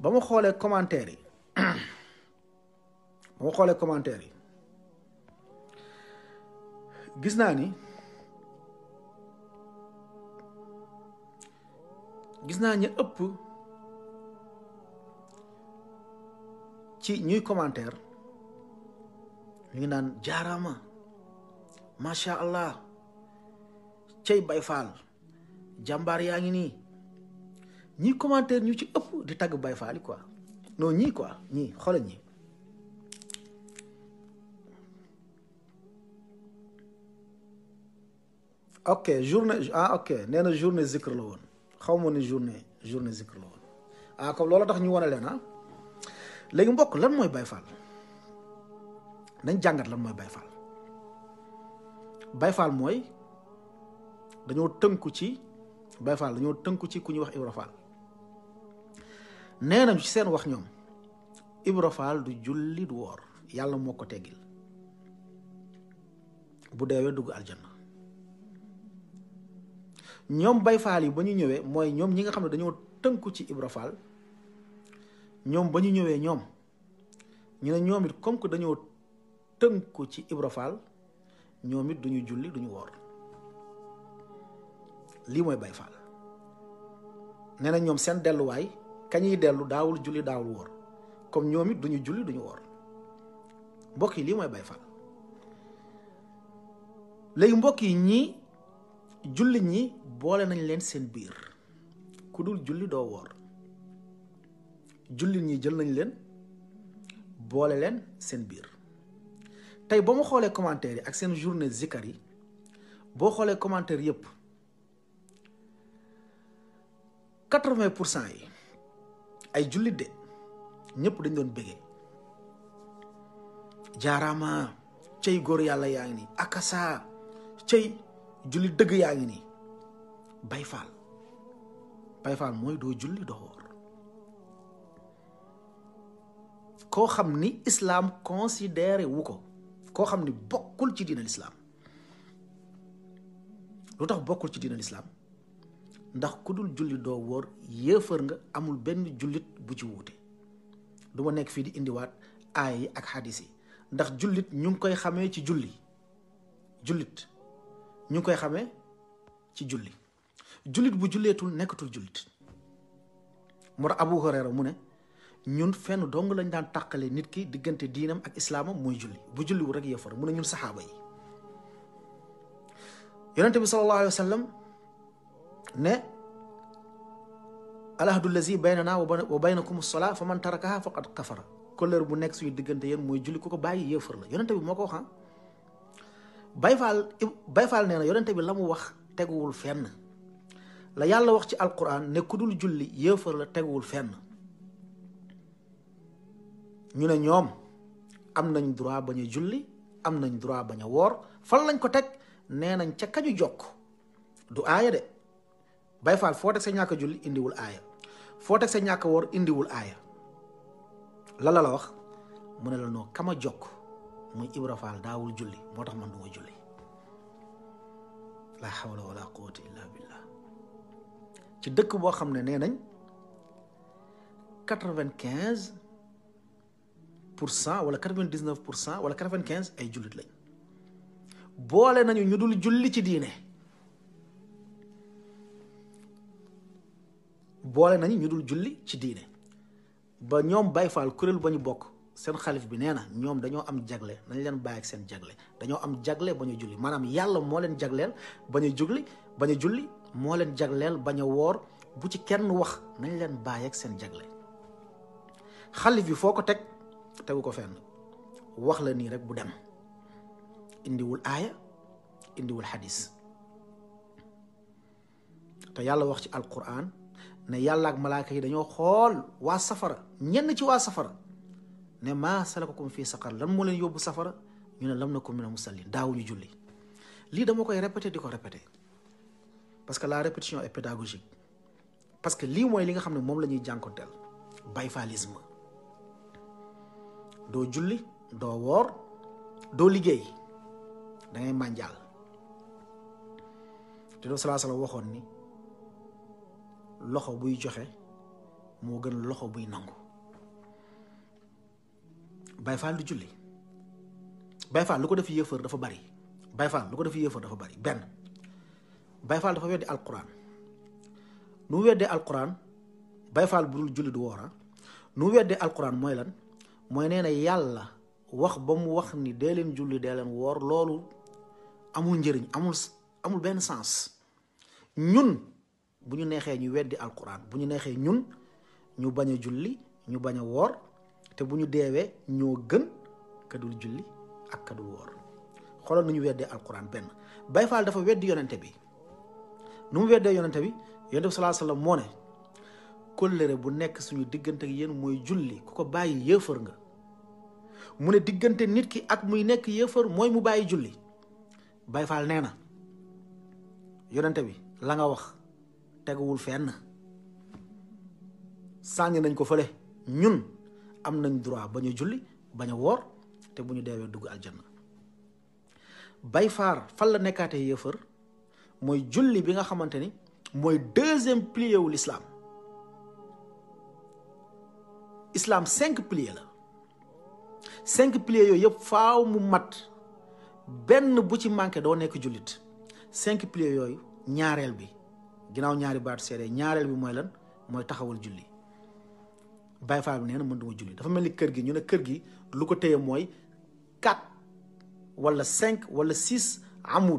ba mu xoolee commentaire yi ba ma xoolee commentaire yi gis naa ni gis naa ñu ëpp ci ñuy commentaire ñu naan jaarama macha allah cey bay faal jàmbaar yaa ngi ñi commentaire ñu ci ëpp di tagg Baye Fall quoi non ñii quoi ñii xoolal ñi ok journée ah ok nee na journée zikr la woon xaw ma ne journée journée zikr la woon ah comme loolu tax ñu wane leen ah léegi mbokk lan mooy Baye Fall nañ jàngat lan mooy Baye Fall Baye mooy dañoo tënku ci Baye Fall dañoo tënku ci ku ñuy wax Ibra Fall neenam ci seen wax ñoom ibra faal du julli du wor yalla moko teggil bu deewee dug aljanna ñoom bay faal yi ba ñu ñëwee moy ñoom ñi nga xamne ne dañoo tënku ci ibra faal ñoom ba ñu ñëwee ñoom ñu na ñoom comme que dañoo tënku ci ibra faal duñu julli duñu wor li moy bay faal nena ñoom seen way kañ yi dellu daawul julli daawul woor comme ñoom it duñu julli duñu woor mbokk yi lii mooy Baay Faal léegi mbokk yi ñii julli ñi boole nañ leen seen biir ku dul julli doo woor jullit ñi jël nañ leen boole leen seen biir tey ba mu xoolee commentaire yi ak seen journée zikar yi boo xoolee commentaire yépp quatre-vingt pour cent yi ay jullit de ñëpp dañ doon bëggee jaaraama cey góor yàlla yaa ngi nii akasa cey jullit dëgg yaa ngi nii bay faal mooy doo julli doo koo xam ni islaam considéré wu ko koo xam ni bokkul ci diina lislaam lu tax bokkul ci diina lislaam ndax ku dul julli doo wóor yéefar nga amul benn jullit bu ci wuute du nekk fii di indiwaat aay yi ak xadis yi ndax jullit ñu ngi koy xamee ci julli jullit ñu koy xamee ci julli jullit bu julleetul nekkatul jullit moo tax Abu Hurayra mu ne ñun fenn dong lañ daan tàqale nit ki diggante diinam ak islaamam mooy julli bu julliwu rek yéefar mu ne ñun saxaaba yi yonente bi sallallahu alayhi ne alahdu lazi baynana wa baynakum as-salaa fa man tarakaha faqad kafara kolleer bu nekk suñu diggante yéen mooy julli ku ko bàyyi yéefar la yonente bi moo ko wax ah bayfaal bayfaal nee na yonente bi la mu wax teguwul fenn la yàlla wax ci alquran ne ku dul julli yéefar la teguwul fenn ñu ne ñoom am nañ droit bañ a julli am nañ droit bañ a woor fan lañ ko teg nee nañ ca kañu jokk du aaya de bay faal foo teg sa ñàkk julli indiwul aaya foo teg sa ñàkk woor indiwul aaya lalala wax mu ne la noo kama jokk muy Ibra Faal daawul julli moo tax man du ma julli la hawla wala quwwata dëkk boo xam ne nee nañ quatre-vingt-quinze pour cent wala quatre vingt dix pour cent wala quatre-vingt-quinze ay jullit lañ boole nañu ñu dul julli ci diine boole nañu ñu dul julli ci diine ba ñoom Baye faal kuréel ba ñu bokk seen xalif bi nee na ñoom dañoo am jagle nañ leen bàyyi ak seen jagle dañoo am jagle ba ñu julli maanaam yàlla moo leen jagleel ba ñu julli ba ñu julli moo leen jagleel ba ñu woor bu ci kenn wax nañ leen bàyyi ak seen jagle xalif bi foo ko teg tegu ko fenn wax la nii rek bu dem indiwul aaya indiwul xadis te yàlla wax ci alquran ne yàlla ak malaaka yi dañoo xool waa safara ñenn ci waa safara ne maa salakakum fii saqar lan moo leen yóbbu safara ñu ne lam nakum mina musallin daawuñu julli lii dama koy répété di ko répété parce que la répétition est pédagogique parce que lii mooy li nga xam ne moom lañuy ñuy jànkonteel bayfalisme doo julli doo woor doo liggéey dangay ngay mànjaal te doo salaa sala waxoon ni loxo buy joxe moo gën loxo buy nangu Baye du julli Baye lu ko def yéefar dafa bari Baye lu ko def yéefar dafa bari benn Baye Fall dafa weddi alquran nu mu weddee alquran bu dul julli du woora nu mu weddee mooy lan mooy nee na yàlla wax ba mu wax ni dee leen julli dee leen woor loolu amul njëriñ amul amul benn sens ñun. bu ñu neexee ñu weddi alquran bu ñu neexee ñun ñu bañ a julli ñu bañ a woor te bu ñu deewee ñoo gën kadul julli ak ka dul woor xoolal nu ñu weddee alquran benn bay faal dafa weddi yonente bi nu mu weddee yonente bi yonente bi salaa sallam moo ne kóllëre bu nekk suñu diggante ak yéen mooy julli ku ko bàyyi yéefar nga mu ne diggante nit ki ak muy nekk yéefar mooy mu bàyyi julli bay faal nee na yonente bi la nga wax teguwul fenn sànni nañ ko fële ñun am nañ droit bañ julli baña wor woor te bu ñu deewee dugg aljanna bay far fan la nekkaatee yeufër moy julli bi nga xamanteni moy deuxième pilier wu l'islam islam 5 piliers la 5 piliers yo yëpp faaw mu mat ben bu ci manké do nek julit 5 piliers yoy ñaarel bi ginaaw ñaari baat seede ñaareel bi mooy lan mooy taxawal julli bàyyi Faal bi nee na mën duma julli dafa mel ni kër gi ñu ne kër gi lu ko téye mooy 4 wala 5 wala 6 amul